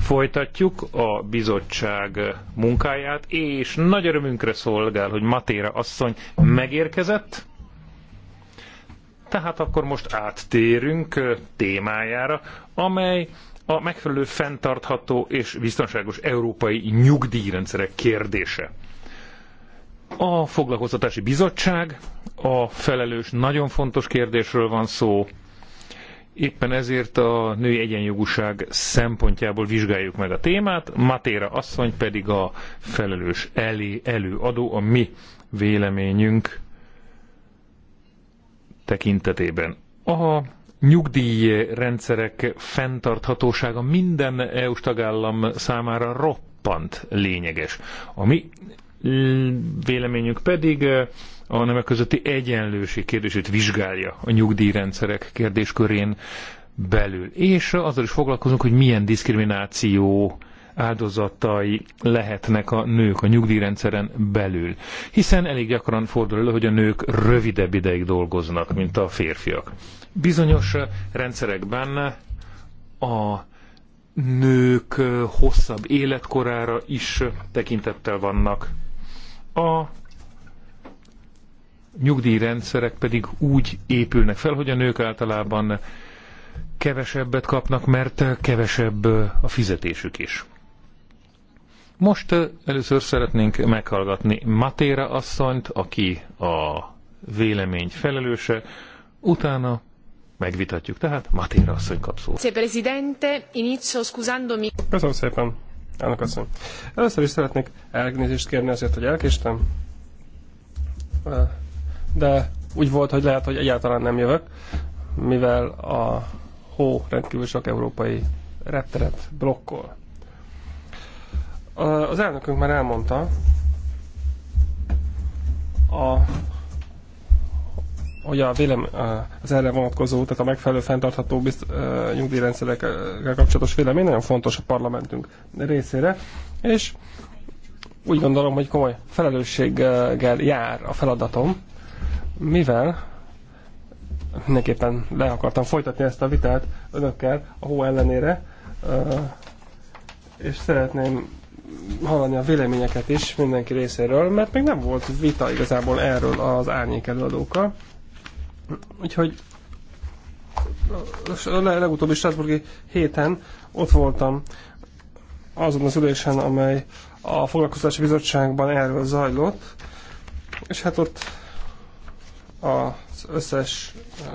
Folytatjuk a bizottság munkáját, és nagy örömünkre szolgál, hogy Matéra asszony megérkezett. Tehát akkor most áttérünk témájára, amely a megfelelő fenntartható és biztonságos európai nyugdíjrendszerek kérdése. A Foglalkoztatási Bizottság a felelős, nagyon fontos kérdésről van szó, Éppen ezért a női egyenjogúság szempontjából vizsgáljuk meg a témát, Matéra asszony pedig a felelős elé előadó, a mi véleményünk tekintetében. A nyugdíjrendszerek fenntarthatósága minden EU-s tagállam számára roppant lényeges. A mi véleményük pedig a nemek közötti egyenlőség kérdését vizsgálja a nyugdíjrendszerek kérdéskörén belül. És azzal is foglalkozunk, hogy milyen diszkrimináció áldozatai lehetnek a nők a nyugdíjrendszeren belül. Hiszen elég gyakran fordul elő, hogy a nők rövidebb ideig dolgoznak, mint a férfiak. Bizonyos rendszerekben a nők hosszabb életkorára is tekintettel vannak a nyugdíjrendszerek pedig úgy épülnek fel, hogy a nők általában kevesebbet kapnak, mert kevesebb a fizetésük is. Most eh, először szeretnénk meghallgatni Matéra asszonyt, aki a vélemény felelőse, utána megvitatjuk. Tehát Matéra asszony kap szót. Köszönöm szépen. Elnök asszony. Először is szeretnék elnézést kérni azért, hogy elkéstem. De úgy volt, hogy lehet, hogy egyáltalán nem jövök, mivel a hó rendkívül sok európai repteret blokkol. Az elnökünk már elmondta, a hogy a vélem, az erre vonatkozó, tehát a megfelelő fenntartható bizt, nyugdíjrendszerekkel kapcsolatos vélemény nagyon fontos a parlamentünk részére, és úgy gondolom, hogy komoly felelősséggel jár a feladatom, mivel mindenképpen le akartam folytatni ezt a vitát önökkel a hó ellenére, és szeretném hallani a véleményeket is mindenki részéről, mert még nem volt vita igazából erről az árnyék előadókkal. Úgyhogy a legutóbbi Strasburgi héten ott voltam azon az ülésen, amely a Foglalkoztatási Bizottságban erről zajlott, és hát ott az összes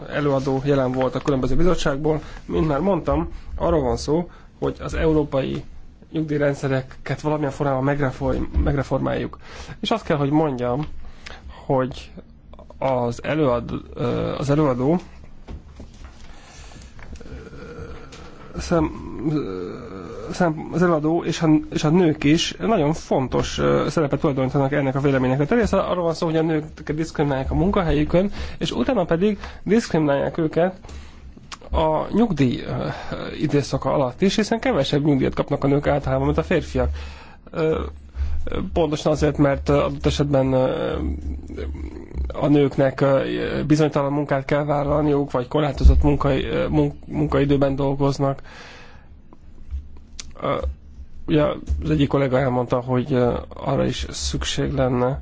előadó jelen volt a különböző bizottságból. Mint már mondtam, arról van szó, hogy az európai nyugdíjrendszereket valamilyen formában megreformáljuk. És azt kell, hogy mondjam, hogy az, előad, az előadó szem, szem, az előadó és a, és a nők is nagyon fontos szerepet tulajdonítanak ennek a véleménynek. Tehát egyrészt arról van szó, hogy a nőket diszkriminálják a munkahelyükön, és utána pedig diszkriminálják őket a nyugdíj időszaka alatt is, hiszen kevesebb nyugdíjat kapnak a nők általában, mint a férfiak. Pontosan azért, mert adott esetben a nőknek bizonytalan munkát kell vállalniuk, vagy korlátozott munka, munkaidőben dolgoznak. Ugye az egyik kollega elmondta, hogy arra is szükség lenne,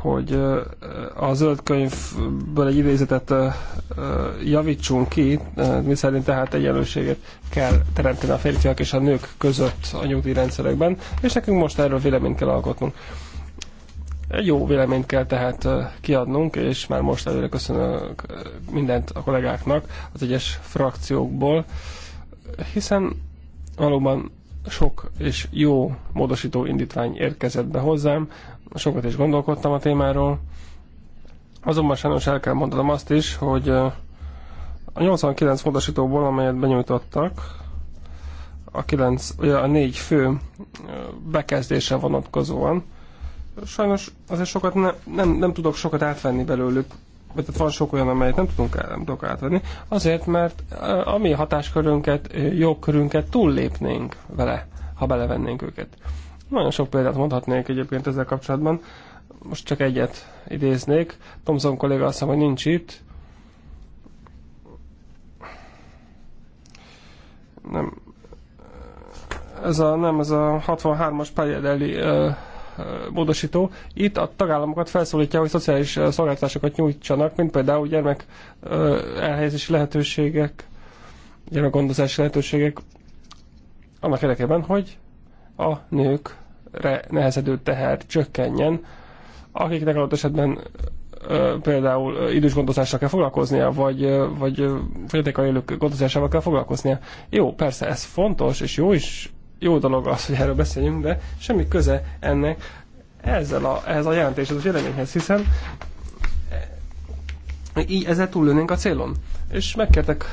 hogy a zöld könyvből egy idézetet javítsunk ki, miszerint tehát egyenlőséget kell teremteni a férfiak és a nők között a nyugdíjrendszerekben, és nekünk most erről véleményt kell alkotnunk. Egy jó véleményt kell tehát kiadnunk, és már most előre köszönök mindent a kollégáknak az egyes frakciókból, hiszen valóban sok és jó módosító indítvány érkezett be hozzám, sokat is gondolkodtam a témáról. Azonban sajnos el kell mondanom azt is, hogy a 89 módosítóból, amelyet benyújtottak, a, 9, ugye a négy fő bekezdése vonatkozóan, sajnos azért sokat ne, nem, nem tudok sokat átvenni belőlük, vagy tehát van sok olyan, amelyet nem tudunk nem tudok átvenni, azért, mert a mi hatáskörünket, jogkörünket túllépnénk vele, ha belevennénk őket. Nagyon sok példát mondhatnék egyébként ezzel kapcsolatban. Most csak egyet idéznék. Thomson kolléga azt hiszem, hogy nincs itt. Nem. Ez a, nem, ez a 63-as Pagliarelli módosító. Itt a tagállamokat felszólítja, hogy szociális szolgáltatásokat nyújtsanak, mint például gyermek elhelyezési lehetőségek, gyermekgondozási lehetőségek, annak érdekében, hogy a nők re nehezedő teher csökkenjen, akiknek adott esetben például idős gondozással kell foglalkoznia, vagy, vagy fogyatékkal élők gondozásával kell foglalkoznia. Jó, persze ez fontos, és jó is, jó dolog az, hogy erről beszéljünk, de semmi köze ennek ezzel a, ehhez a jelentéshez, a véleményhez, hiszen e, így ezzel túllőnénk a célon. És megkértek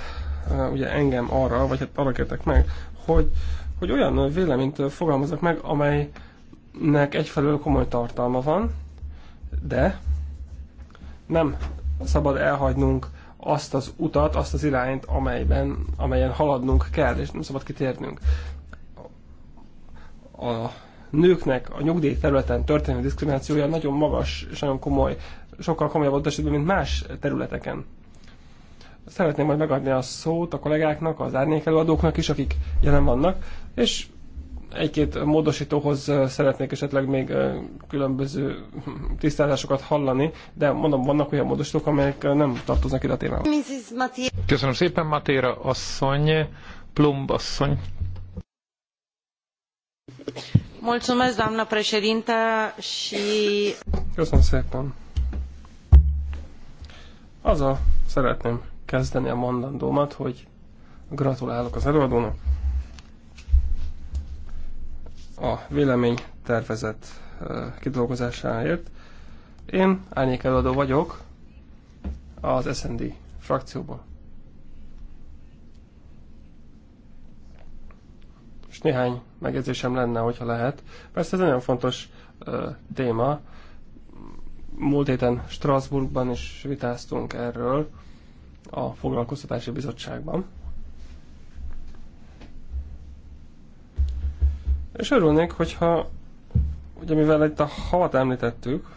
ugye engem arra, vagy hát arra kértek meg, hogy, hogy olyan véleményt fogalmazok meg, amelynek egyfelől komoly tartalma van, de nem szabad elhagynunk azt az utat, azt az irányt, amelyben, amelyen haladnunk kell, és nem szabad kitérnünk. A nőknek a nyugdíj területen történő diszkriminációja nagyon magas és nagyon komoly, sokkal komolyabb adott esetben, mint más területeken. Szeretném majd megadni a szót a kollégáknak, az árnyékelőadóknak is, akik jelen vannak, és egy-két módosítóhoz szeretnék esetleg még különböző hm, tisztázásokat hallani, de mondom, vannak olyan módosítók, amelyek nem tartoznak ide a témába. Köszönöm szépen, Matéra asszony, Plumb asszony. Köszönöm szépen. Azzal szeretném kezdeni a mondandómat, hogy gratulálok az előadónak. A vélemény tervezett kidolgozásáért. Én árnyék előadó vagyok az SND frakcióból. És néhány megjegyzésem lenne, hogyha lehet. Persze ez egy nagyon fontos ö, téma. Múlt héten Strasbourgban is vitáztunk erről, a Foglalkoztatási Bizottságban. És örülnék, hogyha, ugye mivel itt a havat említettük,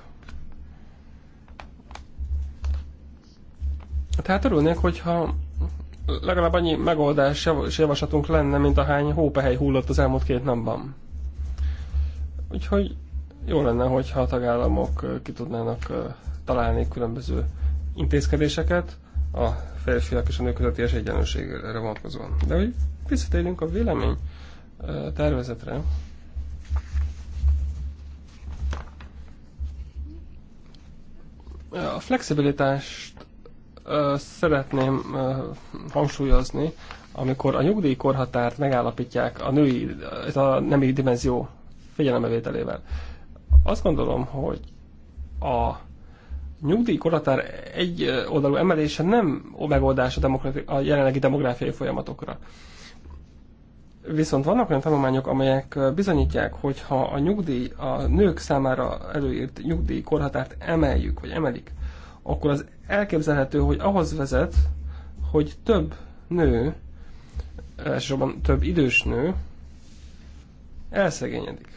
tehát örülnék, hogyha legalább annyi megoldás és javaslatunk lenne, mint a hány hópehely hullott az elmúlt két napban. Úgyhogy jó lenne, hogyha a tagállamok ki tudnának találni különböző intézkedéseket, a férfiak és a nők közötti esélyegyenlőségre vonatkozóan. De hogy visszatérjünk a vélemény tervezetre, A flexibilitást szeretném hangsúlyozni, amikor a nyugdíjkorhatárt megállapítják a női, ez a nemi dimenzió figyelembevételével. Azt gondolom, hogy a nyugdíjkorhatár egy oldalú emelése nem a megoldás a, a jelenlegi demográfiai folyamatokra. Viszont vannak olyan tanulmányok, amelyek bizonyítják, hogy ha a nyugdíj, a nők számára előírt nyugdíjkorhatárt emeljük, vagy emelik, akkor az elképzelhető, hogy ahhoz vezet, hogy több nő, elsősorban több idős nő elszegényedik.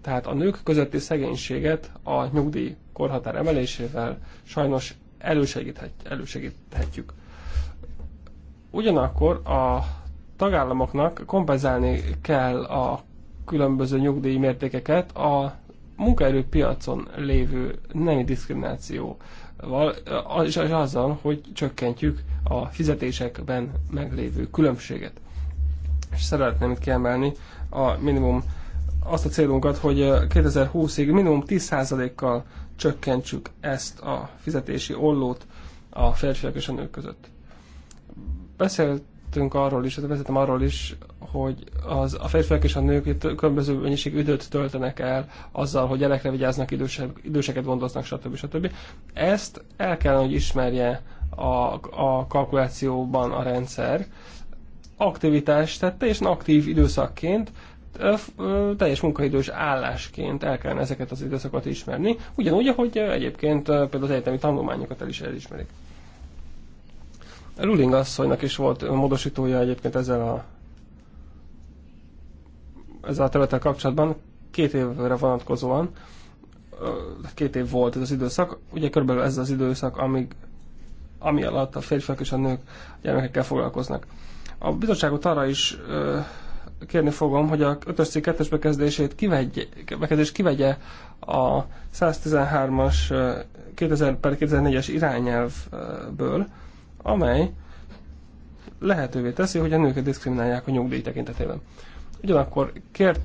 Tehát a nők közötti szegénységet a nyugdíj korhatár emelésével sajnos elősegíthet, elősegíthetjük. Ugyanakkor a tagállamoknak kompenzálni kell a különböző nyugdíj mértékeket a munkaerőpiacon lévő nemi diszkriminációval, és azzal, hogy csökkentjük a fizetésekben meglévő különbséget. És szeretném itt kiemelni a minimum azt a célunkat, hogy 2020-ig minimum 10%-kal csökkentsük ezt a fizetési ollót a férfiak és a nők között. Beszéltünk arról is, beszéltem arról is, hogy az, a férfiak és a nők különböző mennyiség időt töltenek el azzal, hogy gyerekre vigyáznak, idősek, időseket gondoznak, stb. stb. Ezt el kellene, hogy ismerje a, a kalkulációban a rendszer, aktivitást tette, és aktív időszakként teljes munkaidős állásként el kellene ezeket az időszakokat ismerni, ugyanúgy, ahogy egyébként például az egyetemi tanulmányokat el is elismerik. Luling asszonynak is volt módosítója egyébként ezzel a, ezzel a területtel kapcsolatban, két évre vonatkozóan, két év volt ez az időszak, ugye körülbelül ez az időszak, amíg, ami alatt a férfiak és a nők a gyermekekkel foglalkoznak. A bizottságot arra is kérni fogom, hogy a 5-ös cikk 2 bekezdését kivegye, bekezdés kivegye a 113-as 2000 per 2004-es irányelvből, amely lehetővé teszi, hogy a nőket diszkriminálják a nyugdíj tekintetében. Ugyanakkor kér,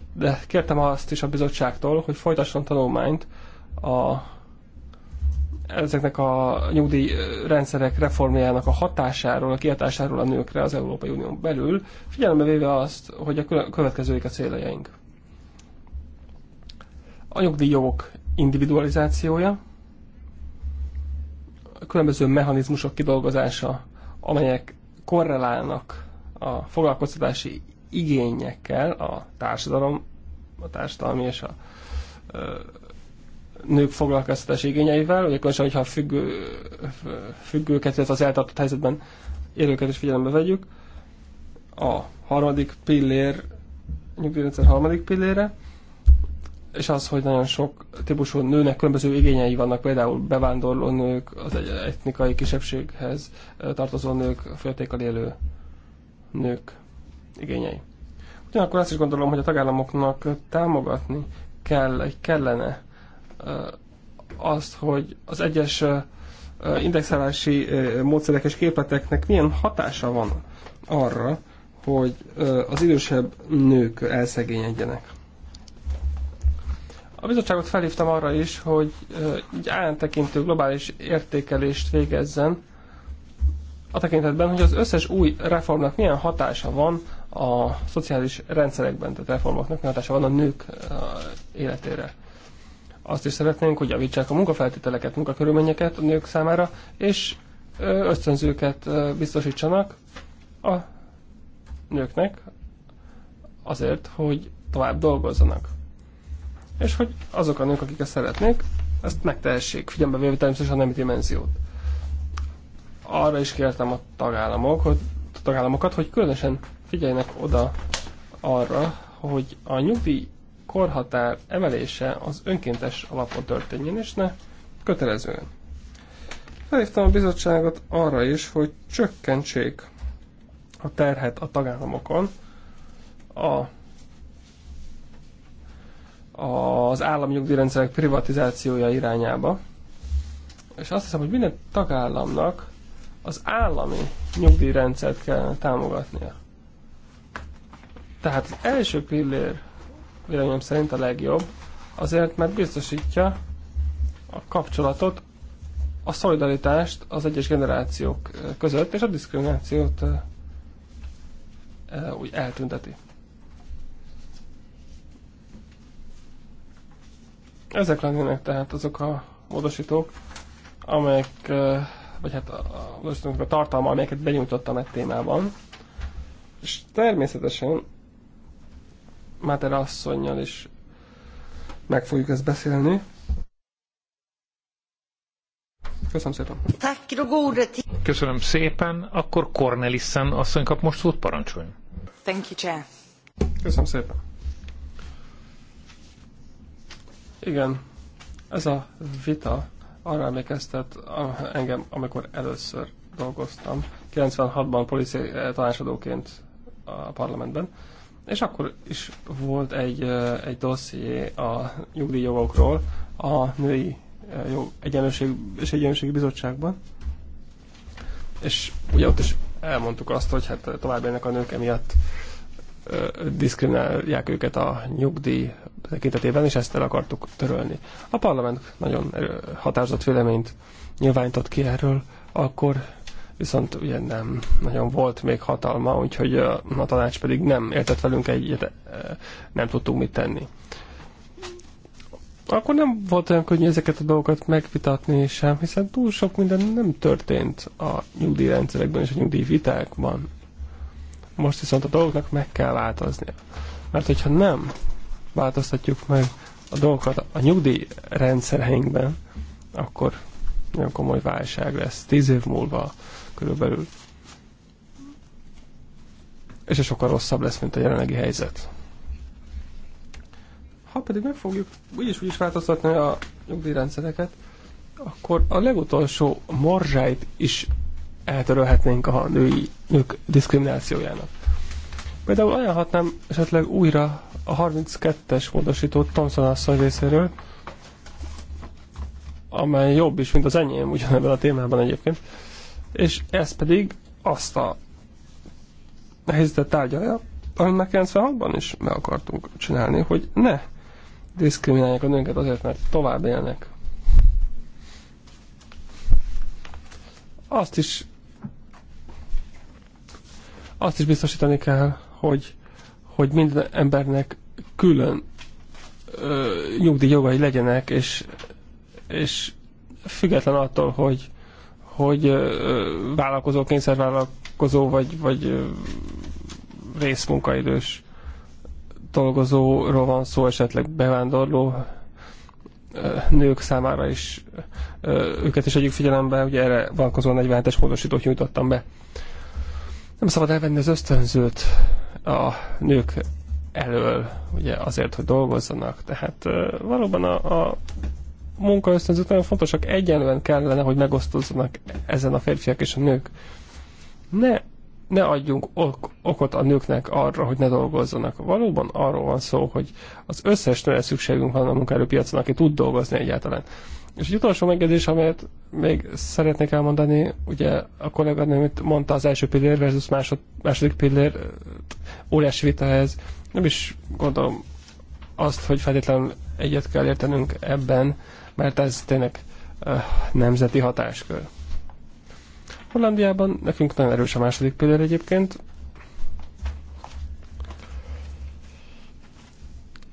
kértem azt is a bizottságtól, hogy folytasson tanulmányt a ezeknek a nyugdíjrendszerek reformjának a hatásáról, a kihatásáról a nőkre az Európai Unión belül, figyelembe véve azt, hogy a következőik a céljaink. A nyugdíjjogok individualizációja, a különböző mechanizmusok kidolgozása, amelyek korrelálnak a foglalkoztatási igényekkel a társadalom, a társadalmi és a nők foglalkoztatási igényeivel, ugye különösen, hogyha függő, függőket, illetve az eltartott helyzetben élőket is figyelembe vegyük, a harmadik pillér, nyugdíjrendszer harmadik pillére, és az, hogy nagyon sok típusú nőnek különböző igényei vannak, például bevándorló nők, az egy etnikai kisebbséghez tartozó nők, fogyatékkal élő nők igényei. Ugyanakkor azt is gondolom, hogy a tagállamoknak támogatni kell, kellene azt, hogy az egyes indexálási módszerek és képleteknek milyen hatása van arra, hogy az idősebb nők elszegényedjenek. A bizottságot felhívtam arra is, hogy egy államtekintő globális értékelést végezzen, a tekintetben, hogy az összes új reformnak milyen hatása van a szociális rendszerekben, tehát reformoknak milyen hatása van a nők életére. Azt is szeretnénk, hogy javítsák a munkafeltételeket, munkakörülményeket a nők számára, és ösztönzőket biztosítsanak a nőknek azért, hogy tovább dolgozzanak. És hogy azok a nők, akik ezt szeretnék, ezt megtehessék, figyelembe véve természetesen a nemi dimenziót. Arra is kértem a, tagállamok, hogy, a tagállamokat, hogy különösen figyeljenek oda arra, hogy a nyugdíj korhatár emelése az önkéntes alapon történjen, és ne kötelezően. Felhívtam a bizottságot arra is, hogy csökkentsék a terhet a tagállamokon a, a az állami privatizációja irányába. És azt hiszem, hogy minden tagállamnak az állami nyugdíjrendszert kell támogatnia. Tehát az első pillér véleményem szerint a legjobb, azért mert biztosítja a kapcsolatot, a szolidaritást az egyes generációk között, és a diszkriminációt úgy eltünteti. Ezek lennének tehát azok a módosítók, amelyek, vagy hát a, a módosítóknak a tartalma, amelyeket benyújtottam egy témában. És természetesen Madera asszonynal is meg fogjuk ezt beszélni. Köszönöm szépen. Köszönöm szépen. Akkor Cornelissen asszony kap most szót, parancsoljon. Thank you, Chair. Köszönöm szépen. Igen, ez a vita arra emlékeztet engem, amikor először dolgoztam. 96-ban polici tanácsadóként a parlamentben. És akkor is volt egy, egy dosszié a nyugdíjjogokról a Női jog, Egyenlőség és Egyenlőségi Bizottságban. És ugye ott is elmondtuk azt, hogy hát tovább ennek a nők emiatt diszkriminálják őket a nyugdíj tekintetében, és ezt el akartuk törölni. A parlament nagyon határozott véleményt nyilvánított ki erről, akkor viszont ugye nem nagyon volt még hatalma, úgyhogy a tanács pedig nem értett velünk egyet, nem tudtunk mit tenni. Akkor nem volt olyan könnyű ezeket a dolgokat megvitatni sem, hiszen túl sok minden nem történt a nyugdíjrendszerekben és a nyugdíjvitákban. Most viszont a dolgoknak meg kell változnia. Mert hogyha nem változtatjuk meg a dolgokat a nyugdíjrendszereinkben, akkor nagyon komoly válság lesz tíz év múlva körülbelül. És ez sokkal rosszabb lesz, mint a jelenlegi helyzet. Ha pedig meg fogjuk úgyis úgyis változtatni a nyugdíjrendszereket, akkor a legutolsó morzsáit is eltörölhetnénk a női, nők diszkriminációjának. Például ajánlhatnám esetleg újra a 32-es módosítót Thomson asszony részéről, amely jobb is, mint az enyém ugyanebben a témában egyébként. És ez pedig azt a helyzetet tárgyalja, amit már 96-ban is meg akartunk csinálni, hogy ne diszkriminálják a nőket azért, mert tovább élnek. Azt is azt is biztosítani kell, hogy, hogy minden embernek külön ö, jogai legyenek, és és független attól, hogy, hogy vállalkozó, kényszervállalkozó vagy, vagy részmunkaidős dolgozóról van szó, esetleg bevándorló nők számára is őket is egyik figyelembe, ugye erre vonatkozóan 47-es módosítót nyújtottam be. Nem szabad elvenni az ösztönzőt a nők elől, ugye azért, hogy dolgozzanak. Tehát valóban a, a munkaösztönzők nagyon fontosak, egyenlően kellene, hogy megosztozzanak ezen a férfiak és a nők. Ne, ne adjunk ok, okot a nőknek arra, hogy ne dolgozzanak. Valóban arról van szó, hogy az összes nőre szükségünk van a munkaerőpiacon, aki tud dolgozni egyáltalán. És egy utolsó megjegyzés, amelyet még szeretnék elmondani, ugye a kolléganőm itt mondta az első pillér versus másod, második pillér óriási vita ez. Nem is gondolom azt, hogy feltétlenül egyet kell értenünk ebben, mert ez tényleg nemzeti hatáskör. Hollandiában nekünk nagyon erős a második példa egyébként.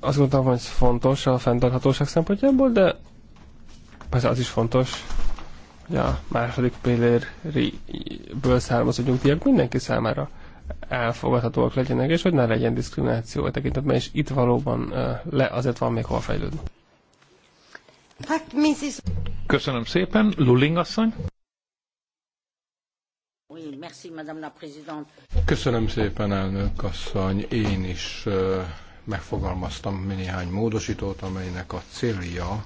Azt gondolom, hogy fontos a fenntarthatóság szempontjából, de persze az is fontos, hogy a második pillérből származó nyugdíjak mindenki számára elfogadhatóak legyenek, és hogy ne legyen diszkrimináció a tekintetben, és itt valóban le azért van még hol fejlődni. Hát, Köszönöm szépen, Luling asszony. Köszönöm szépen, elnök asszony. Én is megfogalmaztam néhány módosítót, amelynek a célja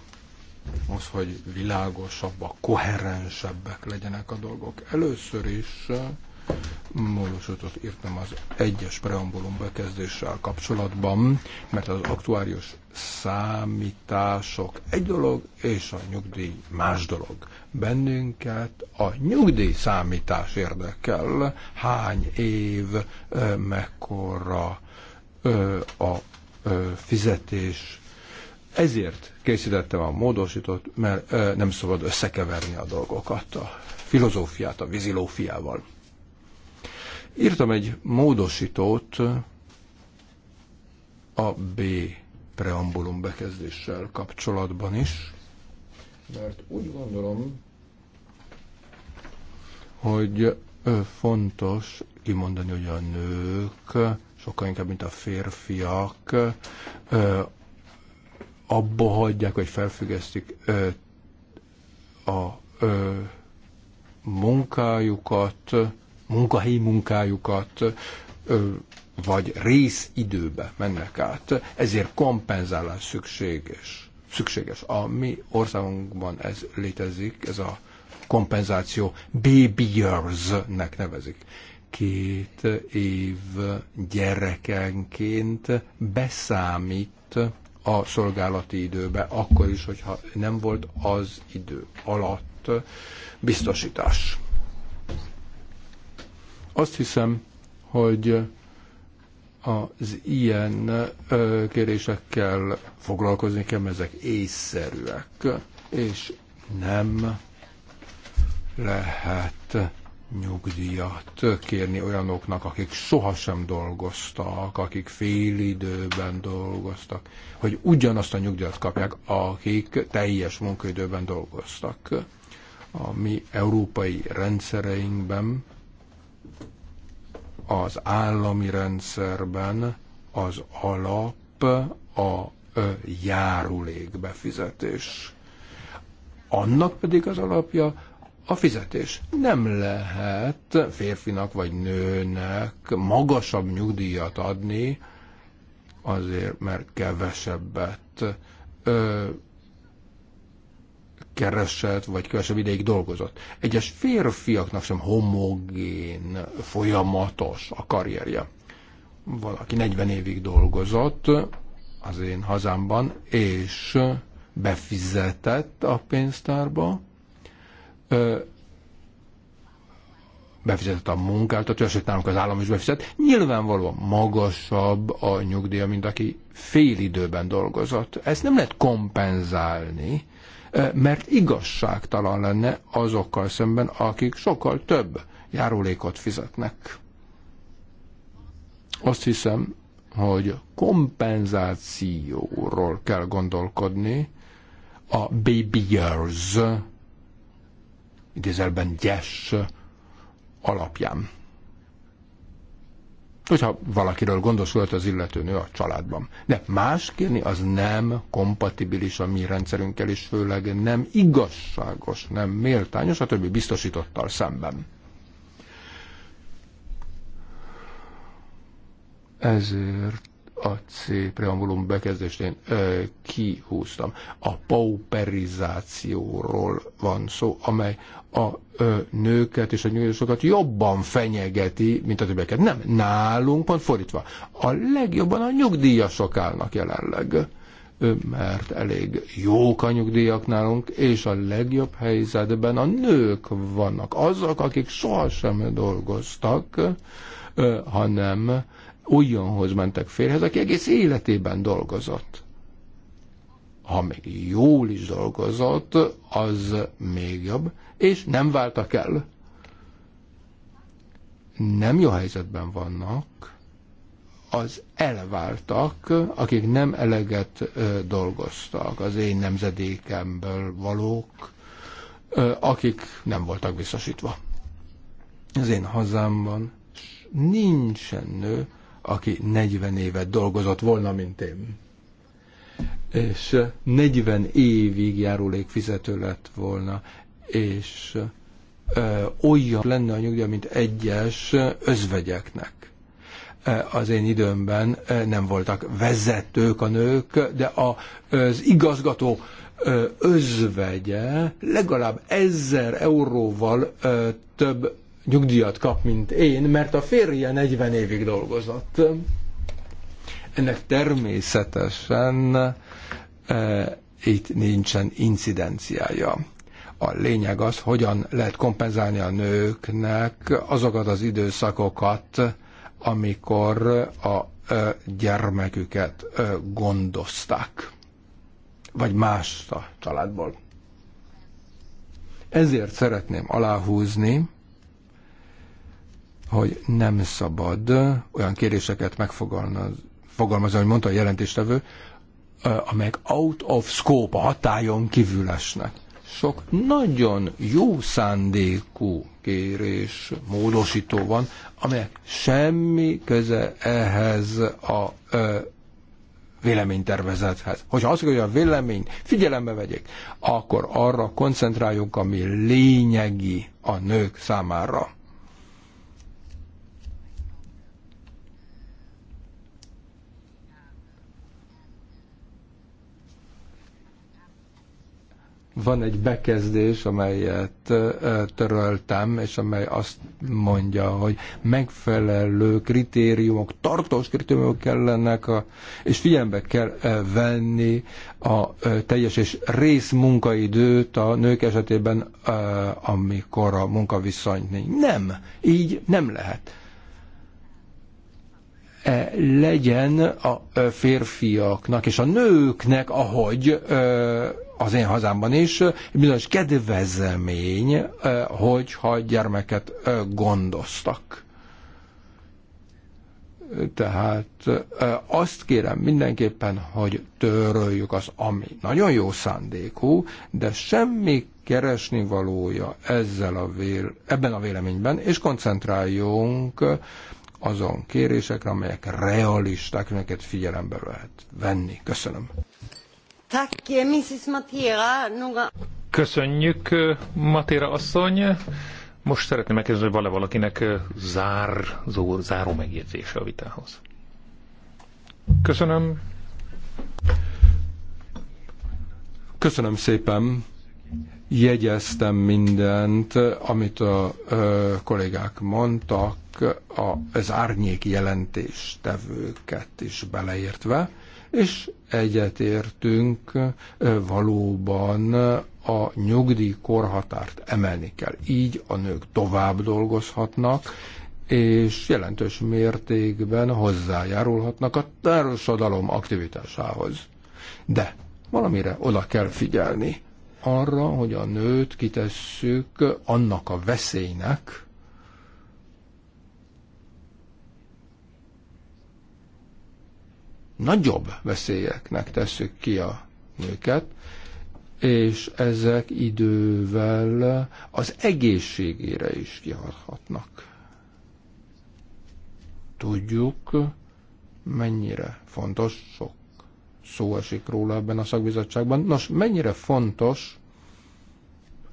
az, hogy világosabbak, koherensebbek legyenek a dolgok. Először is módosítót írtam az egyes preambulum bekezdéssel kapcsolatban, mert az aktuárius számítások egy dolog, és a nyugdíj más dolog. Bennünket a nyugdíj számítás érdekel, hány év, mekkora a fizetés. Ezért készítettem a módosítót, mert nem szabad összekeverni a dolgokat, a filozófiát a vizilófiával Írtam egy módosítót a B preambulum bekezdéssel kapcsolatban is, mert úgy gondolom, hogy fontos kimondani, hogy a nők sokkal inkább, mint a férfiak, abba hagyják, hogy felfüggesztik a munkájukat, munkahelyi munkájukat, vagy részidőbe mennek át. Ezért kompenzálás szükséges. Szükséges. A mi országunkban ez létezik, ez a kompenzáció baby years-nek nevezik. Két év gyerekenként beszámít a szolgálati időbe, akkor is, hogyha nem volt az idő alatt biztosítás. Azt hiszem, hogy az ilyen kérésekkel foglalkozni kell, ezek észszerűek, és nem lehet nyugdíjat kérni olyanoknak, akik sohasem dolgoztak, akik időben dolgoztak, hogy ugyanazt a nyugdíjat kapják, akik teljes munkaidőben dolgoztak. A mi európai rendszereinkben az állami rendszerben az alap a járulékbefizetés. Annak pedig az alapja a fizetés. Nem lehet férfinak vagy nőnek magasabb nyugdíjat adni, azért mert kevesebbet keresett, vagy kevesebb ideig dolgozott. Egyes férfiaknak sem homogén, folyamatos a karrierje. Valaki 40 évig dolgozott az én hazámban, és befizetett a pénztárba, befizetett a munkáltató, sőt nálunk az állam is befizet, nyilvánvalóan magasabb a nyugdíja, mint aki fél időben dolgozott. Ezt nem lehet kompenzálni mert igazságtalan lenne azokkal szemben, akik sokkal több járulékot fizetnek. Azt hiszem, hogy kompenzációról kell gondolkodni a baby years, idézelben gyes alapján hogyha valakiről gondoskodott az nő a családban. De más kérni az nem kompatibilis a mi rendszerünkkel, és főleg nem igazságos, nem méltányos a többi biztosítottal szemben. Ezért a C preambulum bekezdésén ö, kihúztam. A pauperizációról van szó, amely a ö, nőket és a nyugdíjasokat jobban fenyegeti, mint a többieket. Nem, nálunk pont fordítva. A legjobban a nyugdíjasok állnak jelenleg mert elég jók a nyugdíjak nálunk, és a legjobb helyzetben a nők vannak. Azok, akik sohasem dolgoztak, hanem olyanhoz mentek férhez, aki egész életében dolgozott. Ha még jól is dolgozott, az még jobb, és nem váltak el. Nem jó helyzetben vannak az elváltak, akik nem eleget dolgoztak, az én nemzedékemből valók, akik nem voltak biztosítva. Az én hazámban nincsen nő, aki 40 évet dolgozott volna, mint én. És 40 eh, évig járulékfizető lett volna, és ö, eh, olyan lenne a nyugdíja, mint egyes eh, özvegyeknek. Az én időmben nem voltak vezetők a nők, de a, az igazgató özvegye legalább ezer euróval több nyugdíjat kap, mint én, mert a férje 40 évig dolgozott. Ennek természetesen e, itt nincsen incidenciája. A lényeg az, hogyan lehet kompenzálni a nőknek azokat az időszakokat, amikor a e, gyermeküket e, gondozták, vagy más a családból. Ezért szeretném aláhúzni, hogy nem szabad olyan kéréseket megfogalmazni, hogy mondta a jelentéstevő, amelyek out of scope, a hatájon kívül esnek. Sok nagyon jó szándékú kérés, módosító van, amelyek semmi köze ehhez a ö, véleménytervezethez. Hogyha azt hogy a vélemény figyelembe vegyék, akkor arra koncentráljunk, ami lényegi a nők számára. Van egy bekezdés, amelyet töröltem, és amely azt mondja, hogy megfelelő kritériumok, tartós kritériumok kellenek, a, és figyelembe kell venni a teljes és részmunkaidőt a nők esetében, amikor a munkaviszony nincs. Nem, így nem lehet E, legyen a e, férfiaknak és a nőknek, ahogy e, az én hazámban is, bizonyos kedvezmény, hogyha gyermeket gondoztak. Tehát azt kérem mindenképpen, hogy töröljük az, ami nagyon jó szándékú, de semmi keresni valója ezzel a vél, ebben a véleményben, és koncentráljunk azon kérésekre, amelyek realisták, amelyeket figyelembe lehet venni. Köszönöm. Eh, Köszönjük, eh, Matéra asszony. Most szeretném megkérdezni, hogy van-e valakinek eh, zár, zó, záró megjegyzése a vitához. Köszönöm. Köszönöm szépen jegyeztem mindent, amit a ö, kollégák mondtak, a, az árnyék jelentéstevőket is beleértve, és egyetértünk valóban a nyugdíjkorhatárt emelni kell. Így a nők tovább dolgozhatnak, és jelentős mértékben hozzájárulhatnak a társadalom aktivitásához. De valamire oda kell figyelni arra, hogy a nőt kitesszük annak a veszélynek, nagyobb veszélyeknek tesszük ki a nőket, és ezek idővel az egészségére is kiharhatnak. Tudjuk, mennyire fontos sok szó esik róla ebben a szakbizottságban. Nos, mennyire fontos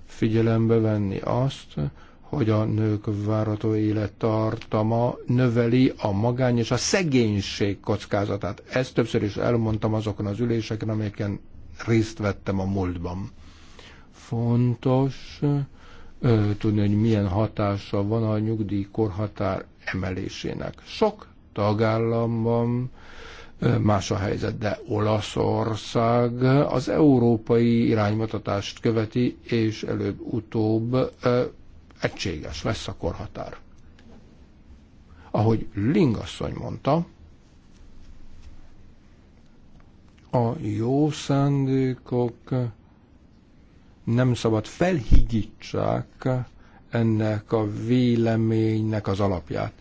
figyelembe venni azt, hogy a nők várató élettartama növeli a magány és a szegénység kockázatát. Ezt többször is elmondtam azokon az üléseken, amelyeken részt vettem a múltban. Fontos ö, tudni, hogy milyen hatása van a nyugdíjkorhatár emelésének. Sok tagállamban más a helyzet, de Olaszország az európai iránymutatást követi, és előbb-utóbb egységes lesz a korhatár. Ahogy Lingasszony mondta, a jó szándékok nem szabad felhigítsák ennek a véleménynek az alapját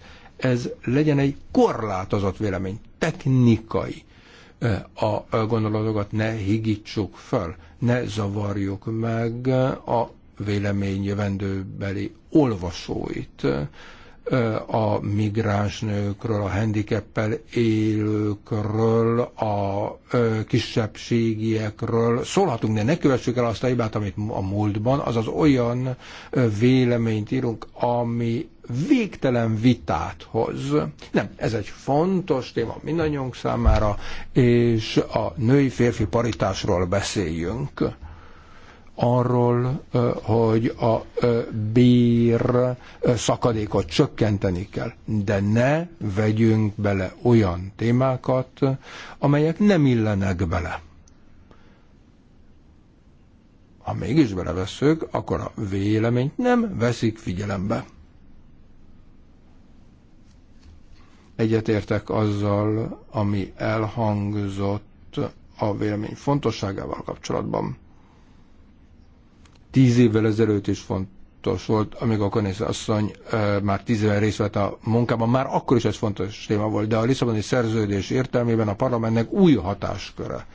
ez legyen egy korlátozott vélemény, technikai. A gondolatokat ne higítsuk föl, ne zavarjuk meg a vélemény jövendőbeli olvasóit a migráns nőkről, a handicappel élőkről, a kisebbségiekről szólhatunk, de ne kövessük el azt a hibát, amit a múltban, azaz olyan véleményt írunk, ami végtelen vitát hoz. Nem, ez egy fontos téma mindannyiunk számára, és a női-férfi paritásról beszéljünk arról, hogy a bér szakadékot csökkenteni kell, de ne vegyünk bele olyan témákat, amelyek nem illenek bele. Ha mégis belevesszük, akkor a véleményt nem veszik figyelembe. Egyetértek azzal, ami elhangzott a vélemény fontosságával kapcsolatban Tíz évvel ezelőtt is fontos volt, amíg a Konész asszony már tíz évvel részt vett a munkában, már akkor is ez fontos téma volt, de a Lisszaboni szerződés értelmében a parlamentnek új hatásköre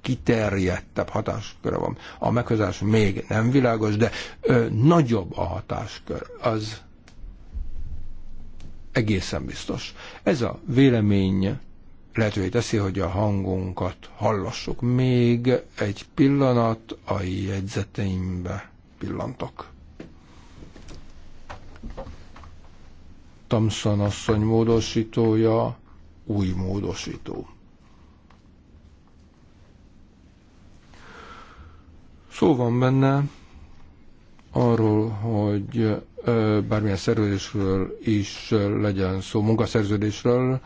kiterjedtebb hatásköre van. A meghozás még nem világos, de ö, nagyobb a hatáskör. Az egészen biztos. Ez a vélemény lehetővé teszi, hogy a hangunkat hallassuk. Még egy pillanat a jegyzeteimbe pillantok. Tamson asszony módosítója, új módosító. Szó van benne arról, hogy bármilyen szerződésről is legyen szó, munkaszerződésről,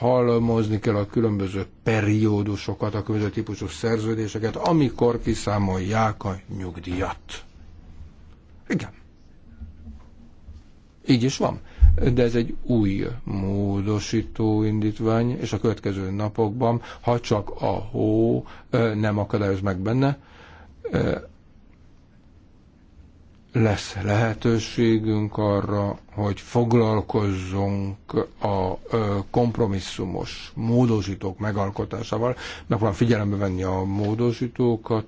halmozni kell a különböző periódusokat, a különböző típusú szerződéseket, amikor kiszámolják a nyugdíjat. Igen. Így is van. De ez egy új módosító indítvány, és a következő napokban, ha csak a hó nem akadályoz meg benne, lesz lehetőségünk arra, hogy foglalkozzunk a kompromisszumos módosítók megalkotásával. van figyelembe venni a módosítókat.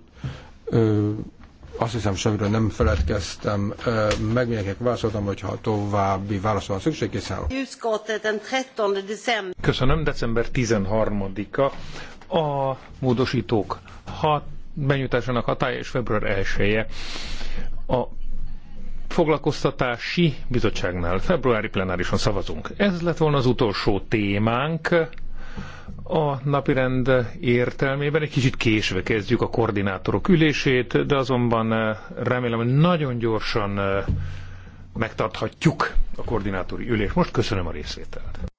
Azt hiszem, semmiről nem feledkeztem. Meg mindenkinek válaszoltam, hogyha további válaszol van szükség, készen Köszönöm. December 13-a a módosítók Ha benyújtásának hatája és február 1 e A foglalkoztatási bizottságnál februári plenárison szavazunk. Ez lett volna az utolsó témánk a napirend értelmében. Egy kicsit késve kezdjük a koordinátorok ülését, de azonban eh, remélem, hogy nagyon gyorsan eh, megtarthatjuk a koordinátori ülést. Most köszönöm a részvételt.